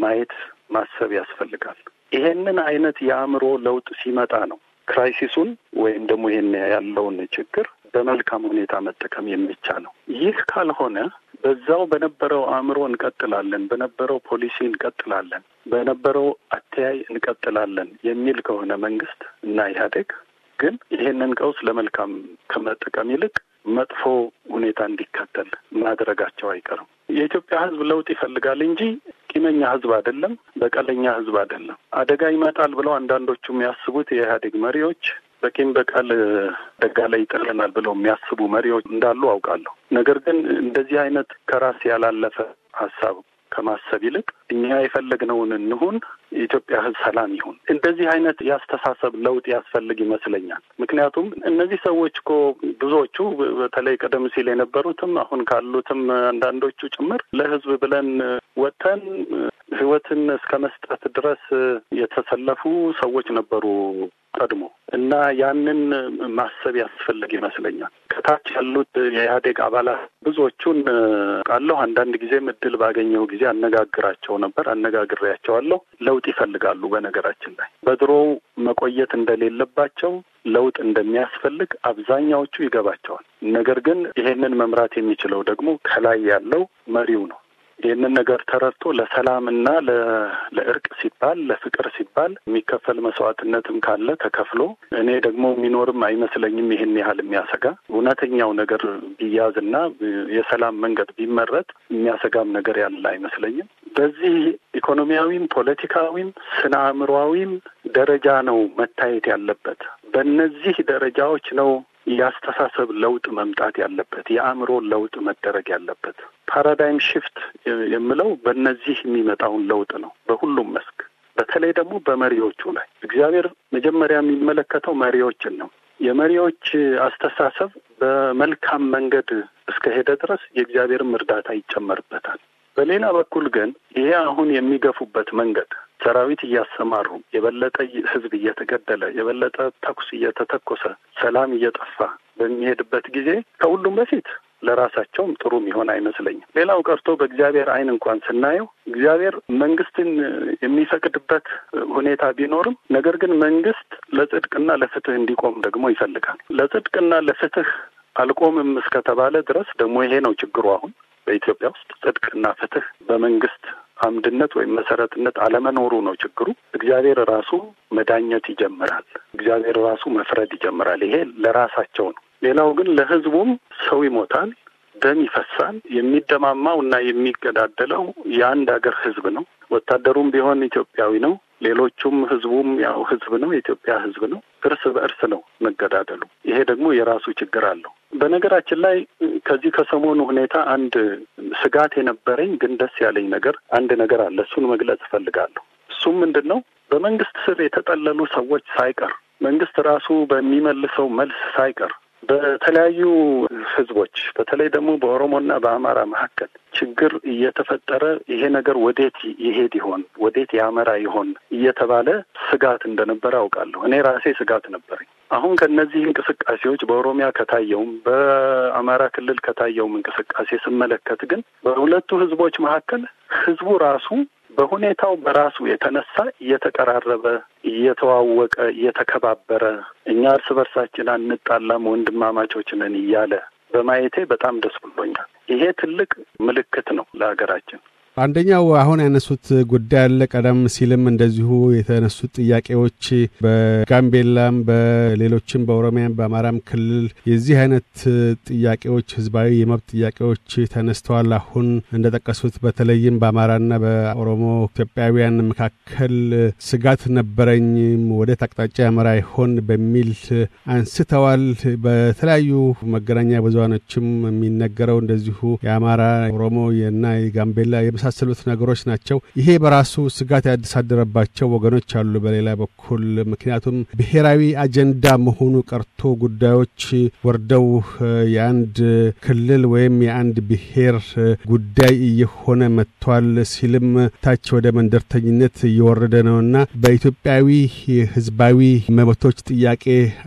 ማየት ማሰብ ያስፈልጋል። ይሄንን አይነት የአእምሮ ለውጥ ሲመጣ ነው ክራይሲሱን ወይም ደግሞ ይሄን ያለውን ችግር በመልካም ሁኔታ መጠቀም የሚቻለው። ይህ ካልሆነ በዛው በነበረው አእምሮ እንቀጥላለን፣ በነበረው ፖሊሲ እንቀጥላለን፣ በነበረው አተያይ እንቀጥላለን የሚል ከሆነ መንግስት እና ኢህአዴግ ግን ይሄንን ቀውስ ለመልካም ከመጠቀም ይልቅ መጥፎ ሁኔታ እንዲከተል ማድረጋቸው አይቀርም። የኢትዮጵያ ሕዝብ ለውጥ ይፈልጋል እንጂ ቂመኛ ሕዝብ አይደለም፣ በቀለኛ ሕዝብ አይደለም። አደጋ ይመጣል ብለው አንዳንዶቹ የሚያስቡት የኢህአዴግ መሪዎች በቂም በቀል አደጋ ላይ ይጥለናል ብለው የሚያስቡ መሪዎች እንዳሉ አውቃለሁ። ነገር ግን እንደዚህ አይነት ከራስ ያላለፈ ሀሳብ ከማሰብ ይልቅ እኛ የፈለግነውን እንሁን፣ የኢትዮጵያ ሕዝብ ሰላም ይሁን። እንደዚህ አይነት ያስተሳሰብ ለውጥ ያስፈልግ ይመስለኛል። ምክንያቱም እነዚህ ሰዎች እኮ ብዙዎቹ በተለይ ቀደም ሲል የነበሩትም አሁን ካሉትም አንዳንዶቹ ጭምር ለሕዝብ ብለን ወጥተን ህይወትን እስከ መስጠት ድረስ የተሰለፉ ሰዎች ነበሩ ቀድሞ እና ያንን ማሰብ ያስፈልግ ይመስለኛል። ከታች ያሉት የኢህአዴግ አባላት ብዙዎቹን ቃለሁ አንዳንድ ጊዜም እድል ባገኘው ጊዜ አነጋግራቸው ነበር፣ አነጋግሬያቸዋለሁ። ለውጥ ይፈልጋሉ። በነገራችን ላይ በድሮው መቆየት እንደሌለባቸው ለውጥ እንደሚያስፈልግ አብዛኛዎቹ ይገባቸዋል። ነገር ግን ይሄንን መምራት የሚችለው ደግሞ ከላይ ያለው መሪው ነው። ይህንን ነገር ተረድቶ ለሰላምና ለእርቅ ሲባል ለፍቅር ሲባል የሚከፈል መስዋዕትነትም ካለ ተከፍሎ እኔ ደግሞ የሚኖርም አይመስለኝም ይህን ያህል የሚያሰጋ እውነተኛው ነገር ቢያዝና የሰላም መንገድ ቢመረጥ የሚያሰጋም ነገር ያለ አይመስለኝም። በዚህ ኢኮኖሚያዊም ፖለቲካዊም ስነ አእምሯዊም ደረጃ ነው መታየት ያለበት። በእነዚህ ደረጃዎች ነው የአስተሳሰብ ለውጥ መምጣት ያለበት፣ የአእምሮ ለውጥ መደረግ ያለበት። ፓራዳይም ሽፍት የምለው በእነዚህ የሚመጣውን ለውጥ ነው በሁሉም መስክ በተለይ ደግሞ በመሪዎቹ ላይ እግዚአብሔር መጀመሪያ የሚመለከተው መሪዎችን ነው። የመሪዎች አስተሳሰብ በመልካም መንገድ እስከሄደ ድረስ የእግዚአብሔርም እርዳታ ይጨመርበታል። በሌላ በኩል ግን ይሄ አሁን የሚገፉበት መንገድ ሰራዊት እያሰማሩ የበለጠ ሕዝብ እየተገደለ የበለጠ ተኩስ እየተተኮሰ ሰላም እየጠፋ በሚሄድበት ጊዜ ከሁሉም በፊት ለራሳቸውም ጥሩ የሚሆን አይመስለኝም። ሌላው ቀርቶ በእግዚአብሔር ዓይን እንኳን ስናየው እግዚአብሔር መንግስትን የሚፈቅድበት ሁኔታ ቢኖርም ነገር ግን መንግስት ለጽድቅና ለፍትህ እንዲቆም ደግሞ ይፈልጋል። ለጽድቅና ለፍትህ አልቆምም እስከተባለ ድረስ ደግሞ ይሄ ነው ችግሩ። አሁን በኢትዮጵያ ውስጥ ጽድቅና ፍትህ በመንግስት አምድነት ወይም መሰረትነት አለመኖሩ ነው ችግሩ። እግዚአብሔር ራሱ መዳኘት ይጀምራል። እግዚአብሔር ራሱ መፍረድ ይጀምራል። ይሄ ለራሳቸው ነው ሌላው ግን ለህዝቡም ሰው ይሞታል፣ ደም ይፈሳል። የሚደማማው እና የሚገዳደለው የአንድ ሀገር ህዝብ ነው። ወታደሩም ቢሆን ኢትዮጵያዊ ነው። ሌሎቹም ህዝቡም ያው ህዝብ ነው፣ የኢትዮጵያ ህዝብ ነው። እርስ በእርስ ነው መገዳደሉ። ይሄ ደግሞ የራሱ ችግር አለው። በነገራችን ላይ ከዚህ ከሰሞኑ ሁኔታ አንድ ስጋት የነበረኝ ግን ደስ ያለኝ ነገር አንድ ነገር አለ። እሱን መግለጽ እፈልጋለሁ። እሱም ምንድን ነው? በመንግስት ስር የተጠለሉ ሰዎች ሳይቀር መንግስት ራሱ በሚመልሰው መልስ ሳይቀር በተለያዩ ህዝቦች በተለይ ደግሞ በኦሮሞና በአማራ መካከል ችግር እየተፈጠረ ይሄ ነገር ወዴት ይሄድ ይሆን ወዴት ያመራ ይሆን እየተባለ ስጋት እንደነበረ አውቃለሁ። እኔ ራሴ ስጋት ነበረኝ። አሁን ከነዚህ እንቅስቃሴዎች በኦሮሚያ ከታየውም በአማራ ክልል ከታየውም እንቅስቃሴ ስመለከት ግን በሁለቱ ህዝቦች መካከል ህዝቡ ራሱ በሁኔታው በራሱ የተነሳ እየተቀራረበ፣ እየተዋወቀ፣ እየተከባበረ እኛ እርስ በርሳችን አንጣላም ወንድማማቾች ነን እያለ በማየቴ በጣም ደስ ብሎኛል። ይሄ ትልቅ ምልክት ነው ለሀገራችን። አንደኛው አሁን ያነሱት ጉዳይ አለ። ቀደም ሲልም እንደዚሁ የተነሱት ጥያቄዎች በጋምቤላም፣ በሌሎችም፣ በኦሮሚያም፣ በአማራም ክልል የዚህ አይነት ጥያቄዎች ህዝባዊ የመብት ጥያቄዎች ተነስተዋል። አሁን እንደጠቀሱት በተለይም በአማራና በኦሮሞ ኢትዮጵያውያን መካከል ስጋት ነበረኝም ወዴት አቅጣጫ ያመራ ይሆን በሚል አንስተዋል። በተለያዩ መገናኛ ብዙሃኖችም የሚነገረው እንደዚሁ የአማራ ኦሮሞ እና የጋምቤላ የመሳሰሉት ነገሮች ናቸው። ይሄ በራሱ ስጋት ያሳደረባቸው ወገኖች አሉ። በሌላ በኩል ምክንያቱም ብሔራዊ አጀንዳ መሆኑ ቀርቶ ጉዳዮች ወርደው የአንድ ክልል ወይም የአንድ ብሔር ጉዳይ እየሆነ መጥቷል ሲልም ታች ወደ መንደርተኝነት እየወረደ ነውና በኢትዮጵያዊ ህዝባዊ መብቶች ጥያቄ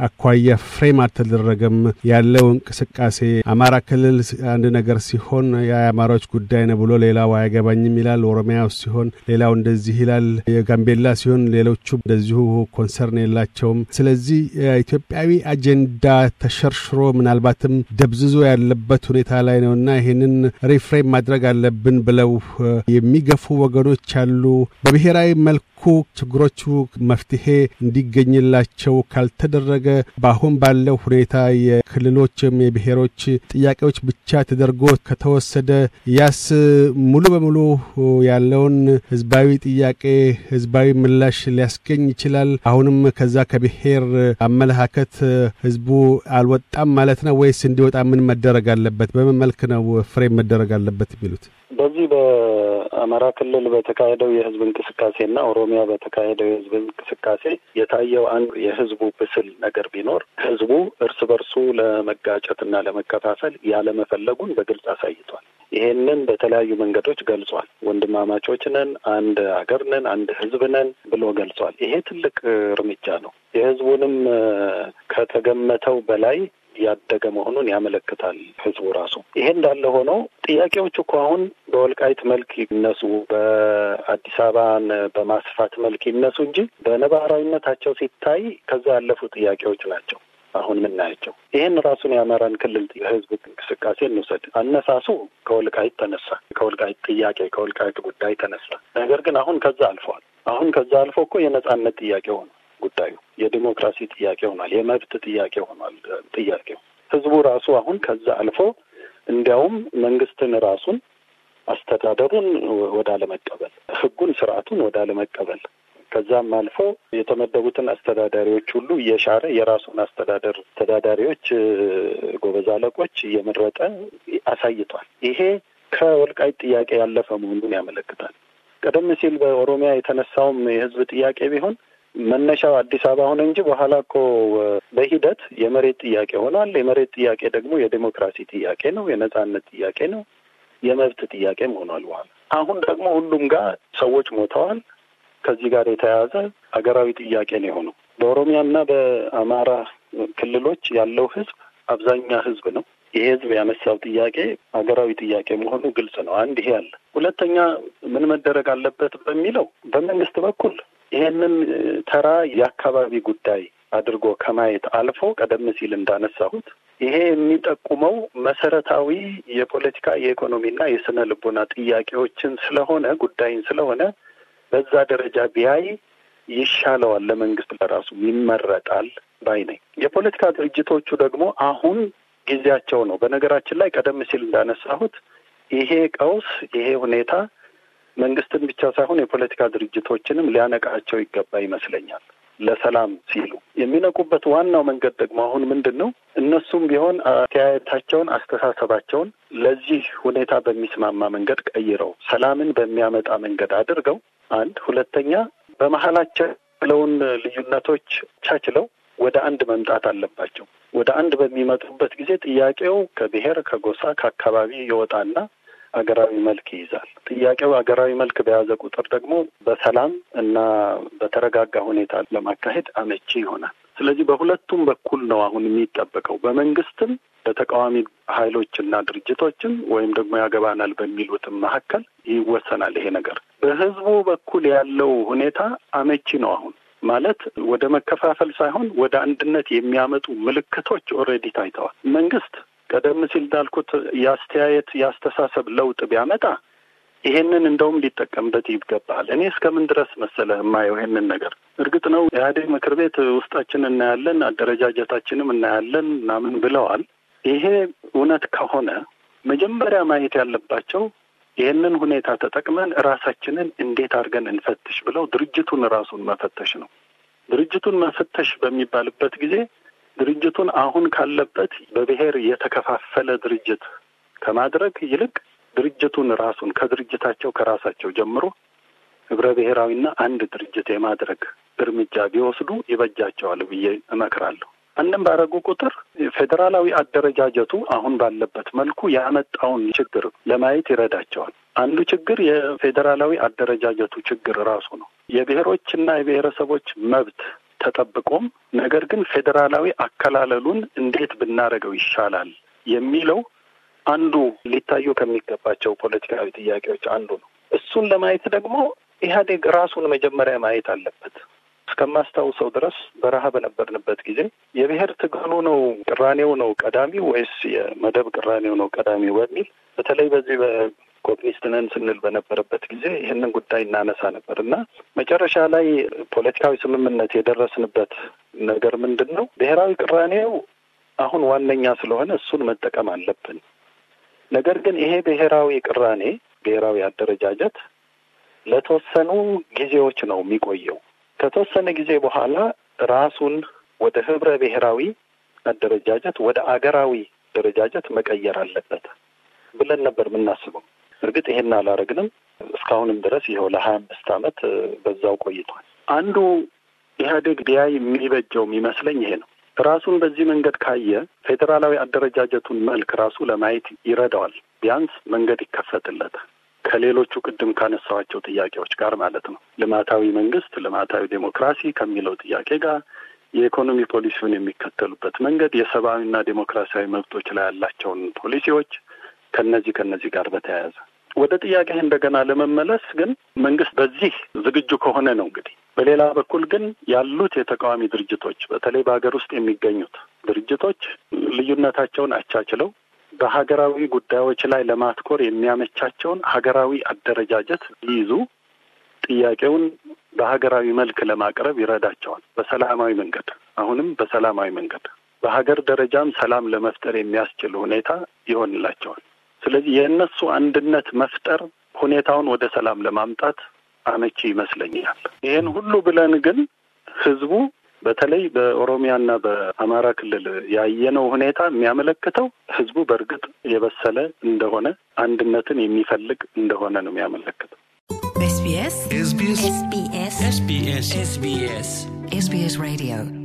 አኳያ ፍሬም አልተደረገም ያለው እንቅስቃሴ አማራ ክልል አንድ ነገር ሲሆን የአማራዎች ጉዳይ ነው ብሎ ሌላው አያገባ አይገባኝም ይላል። ኦሮሚያ ሲሆን ሌላው እንደዚህ ይላል። የጋምቤላ ሲሆን ሌሎቹ እንደዚሁ ኮንሰርን የላቸውም። ስለዚህ ኢትዮጵያዊ አጀንዳ ተሸርሽሮ ምናልባትም ደብዝዞ ያለበት ሁኔታ ላይ ነውና ይህንን ሪፍሬም ማድረግ አለብን ብለው የሚገፉ ወገኖች አሉ። በብሔራዊ መልክ ችግሮቹ መፍትሄ እንዲገኝላቸው ካልተደረገ በአሁን ባለው ሁኔታ የክልሎችም የብሔሮች ጥያቄዎች ብቻ ተደርጎ ከተወሰደ ያስ ሙሉ በሙሉ ያለውን ህዝባዊ ጥያቄ ህዝባዊ ምላሽ ሊያስገኝ ይችላል? አሁንም ከዛ ከብሔር አመለካከት ህዝቡ አልወጣም ማለት ነው ወይስ እንዲወጣ ምን መደረግ አለበት? በምን መልክ ነው ፍሬም መደረግ አለበት የሚሉት? በዚህ በአማራ ክልል በተካሄደው የህዝብ እንቅስቃሴና ኦሮሚያ በተካሄደው የህዝብ እንቅስቃሴ የታየው አንድ የህዝቡ ብስል ነገር ቢኖር ህዝቡ እርስ በርሱ ለመጋጨትና ለመከፋፈል ያለመፈለጉን በግልጽ አሳይቷል። ይሄንን በተለያዩ መንገዶች ገልጿል። ወንድማማቾች ነን፣ አንድ ሀገር ነን፣ አንድ ህዝብ ነን ብሎ ገልጿል። ይሄ ትልቅ እርምጃ ነው። የህዝቡንም ከተገመተው በላይ ያደገ መሆኑን ያመለክታል ህዝቡ ራሱ። ይሄ እንዳለ ሆኖ ጥያቄዎች እኮ አሁን በወልቃይት መልክ ይነሱ፣ በአዲስ አበባን በማስፋት መልክ ይነሱ እንጂ በነባራዊነታቸው ሲታይ ከዛ ያለፉ ጥያቄዎች ናቸው አሁን የምናያቸው። ይህን ራሱን የአማራን ክልል የህዝብ እንቅስቃሴ እንውሰድ። አነሳሱ ከወልቃይት ተነሳ፣ ከወልቃይት ጥያቄ፣ ከወልቃይት ጉዳይ ተነሳ። ነገር ግን አሁን ከዛ አልፏል። አሁን ከዛ አልፎ እኮ የነጻነት ጥያቄ ሆነ። ጉዳዩ የዲሞክራሲ ጥያቄ ሆኗል። የመብት ጥያቄ ሆኗል። ጥያቄው ህዝቡ ራሱ አሁን ከዛ አልፎ እንዲያውም መንግስትን ራሱን አስተዳደሩን ወደ አለመቀበል፣ ህጉን ስርዓቱን ወደ አለመቀበል ከዛም አልፎ የተመደቡትን አስተዳዳሪዎች ሁሉ እየሻረ የራሱን አስተዳደር አስተዳዳሪዎች ጎበዝ አለቆች እየመረጠ አሳይቷል። ይሄ ከወልቃይት ጥያቄ ያለፈ መሆኑን ያመለክታል። ቀደም ሲል በኦሮሚያ የተነሳውም የህዝብ ጥያቄ ቢሆን መነሻው አዲስ አበባ ሆነ እንጂ በኋላ እኮ በሂደት የመሬት ጥያቄ ሆኗል። የመሬት ጥያቄ ደግሞ የዴሞክራሲ ጥያቄ ነው፣ የነጻነት ጥያቄ ነው፣ የመብት ጥያቄም ሆኗል። በኋላ አሁን ደግሞ ሁሉም ጋር ሰዎች ሞተዋል። ከዚህ ጋር የተያያዘ ሀገራዊ ጥያቄ ነው የሆነው። በኦሮሚያና በአማራ ክልሎች ያለው ህዝብ አብዛኛ ህዝብ ነው። ይሄ ህዝብ ያነሳው ጥያቄ ሀገራዊ ጥያቄ መሆኑ ግልጽ ነው። አንድ ይሄ አለ። ሁለተኛ ምን መደረግ አለበት በሚለው በመንግስት በኩል ይሄንን ተራ የአካባቢ ጉዳይ አድርጎ ከማየት አልፎ ቀደም ሲል እንዳነሳሁት ይሄ የሚጠቁመው መሰረታዊ የፖለቲካ የኢኮኖሚና የስነ ልቦና ጥያቄዎችን ስለሆነ ጉዳይን ስለሆነ በዛ ደረጃ ቢያይ ይሻለዋል፣ ለመንግስት ለራሱ ይመረጣል ባይ ነኝ። የፖለቲካ ድርጅቶቹ ደግሞ አሁን ጊዜያቸው ነው። በነገራችን ላይ ቀደም ሲል እንዳነሳሁት ይሄ ቀውስ ይሄ ሁኔታ መንግስትን ብቻ ሳይሆን የፖለቲካ ድርጅቶችንም ሊያነቃቸው ይገባ ይመስለኛል። ለሰላም ሲሉ የሚነቁበት ዋናው መንገድ ደግሞ አሁን ምንድን ነው? እነሱም ቢሆን አተያየታቸውን፣ አስተሳሰባቸውን ለዚህ ሁኔታ በሚስማማ መንገድ ቀይረው ሰላምን በሚያመጣ መንገድ አድርገው አንድ ሁለተኛ በመሀላቸው ያለውን ልዩነቶች ቻችለው ወደ አንድ መምጣት አለባቸው። ወደ አንድ በሚመጡበት ጊዜ ጥያቄው ከብሔር ከጎሳ፣ ከአካባቢ ይወጣና አገራዊ መልክ ይይዛል። ጥያቄው አገራዊ መልክ በያዘ ቁጥር ደግሞ በሰላም እና በተረጋጋ ሁኔታ ለማካሄድ አመቺ ይሆናል። ስለዚህ በሁለቱም በኩል ነው አሁን የሚጠበቀው በመንግስትም በተቃዋሚ ኃይሎችና ድርጅቶችም ወይም ደግሞ ያገባናል በሚሉትም መካከል ይወሰናል። ይሄ ነገር በህዝቡ በኩል ያለው ሁኔታ አመቺ ነው አሁን ማለት ወደ መከፋፈል ሳይሆን ወደ አንድነት የሚያመጡ ምልክቶች ኦልሬዲ ታይተዋል። መንግስት ቀደም ሲል እንዳልኩት የአስተያየት የአስተሳሰብ ለውጥ ቢያመጣ ይሄንን እንደውም ሊጠቀምበት ይገባል። እኔ እስከምን ድረስ መሰለህ የማየው ይሄንን ነገር እርግጥ ነው ኢህአዴግ ምክር ቤት ውስጣችን እናያለን፣ አደረጃጀታችንም እናያለን ምናምን ብለዋል። ይሄ እውነት ከሆነ መጀመሪያ ማየት ያለባቸው ይህንን ሁኔታ ተጠቅመን ራሳችንን እንዴት አድርገን እንፈትሽ ብለው ድርጅቱን ራሱን መፈተሽ ነው። ድርጅቱን መፈተሽ በሚባልበት ጊዜ ድርጅቱን አሁን ካለበት በብሔር የተከፋፈለ ድርጅት ከማድረግ ይልቅ ድርጅቱን ራሱን ከድርጅታቸው ከራሳቸው ጀምሮ ህብረ ብሔራዊና አንድ ድርጅት የማድረግ እርምጃ ቢወስዱ ይበጃቸዋል ብዬ እመክራለሁ። አንድም ባረጉ ቁጥር ፌዴራላዊ አደረጃጀቱ አሁን ባለበት መልኩ ያመጣውን ችግር ለማየት ይረዳቸዋል። አንዱ ችግር የፌዴራላዊ አደረጃጀቱ ችግር ራሱ ነው። የብሔሮችና የብሔረሰቦች መብት ተጠብቆም ነገር ግን ፌዴራላዊ አከላለሉን እንዴት ብናደርገው ይሻላል የሚለው አንዱ ሊታዩ ከሚገባቸው ፖለቲካዊ ጥያቄዎች አንዱ ነው። እሱን ለማየት ደግሞ ኢህአዴግ ራሱን መጀመሪያ ማየት አለበት። እስከማስታውሰው ድረስ በረሃ በነበርንበት ጊዜ የብሔር ትግሉ ነው ቅራኔው ነው ቀዳሚው ወይስ የመደብ ቅራኔው ነው ቀዳሚው በሚል በተለይ በዚህ ኮሚኒስት ስንል በነበረበት ጊዜ ይህንን ጉዳይ እናነሳ ነበር እና መጨረሻ ላይ ፖለቲካዊ ስምምነት የደረስንበት ነገር ምንድን ነው? ብሔራዊ ቅራኔው አሁን ዋነኛ ስለሆነ እሱን መጠቀም አለብን። ነገር ግን ይሄ ብሔራዊ ቅራኔ ብሔራዊ አደረጃጀት ለተወሰኑ ጊዜዎች ነው የሚቆየው። ከተወሰነ ጊዜ በኋላ ራሱን ወደ ህብረ ብሔራዊ አደረጃጀት ወደ አገራዊ ደረጃጀት መቀየር አለበት ብለን ነበር የምናስበው። እርግጥ ይሄን አላረግንም። እስካሁንም ድረስ ይኸው ለሀያ አምስት ዓመት በዛው ቆይቷል። አንዱ ኢህአዴግ ቢያይ የሚበጀው የሚመስለኝ ይሄ ነው። ራሱን በዚህ መንገድ ካየ ፌዴራላዊ አደረጃጀቱን መልክ ራሱ ለማየት ይረዳዋል። ቢያንስ መንገድ ይከፈትለታል ከሌሎቹ ቅድም ካነሳዋቸው ጥያቄዎች ጋር ማለት ነው። ልማታዊ መንግስት፣ ልማታዊ ዴሞክራሲ ከሚለው ጥያቄ ጋር የኢኮኖሚ ፖሊሲውን የሚከተሉበት መንገድ፣ የሰብአዊና ዴሞክራሲያዊ መብቶች ላይ ያላቸውን ፖሊሲዎች ከነዚህ ከነዚህ ጋር በተያያዘ ወደ ጥያቄ እንደገና ለመመለስ ግን መንግስት በዚህ ዝግጁ ከሆነ ነው እንግዲህ በሌላ በኩል ግን ያሉት የተቃዋሚ ድርጅቶች በተለይ በሀገር ውስጥ የሚገኙት ድርጅቶች ልዩነታቸውን አቻችለው በሀገራዊ ጉዳዮች ላይ ለማትኮር የሚያመቻቸውን ሀገራዊ አደረጃጀት ሊይዙ ጥያቄውን በሀገራዊ መልክ ለማቅረብ ይረዳቸዋል። በሰላማዊ መንገድ አሁንም በሰላማዊ መንገድ በሀገር ደረጃም ሰላም ለመፍጠር የሚያስችል ሁኔታ ይሆንላቸዋል። ስለዚህ የእነሱ አንድነት መፍጠር ሁኔታውን ወደ ሰላም ለማምጣት አመቺ ይመስለኛል። ይህን ሁሉ ብለን ግን ህዝቡ በተለይ በኦሮሚያና በአማራ ክልል ያየነው ሁኔታ የሚያመለክተው ህዝቡ በእርግጥ የበሰለ እንደሆነ አንድነትን የሚፈልግ እንደሆነ ነው የሚያመለክተው። ኤስቢኤስ ሬዲዮ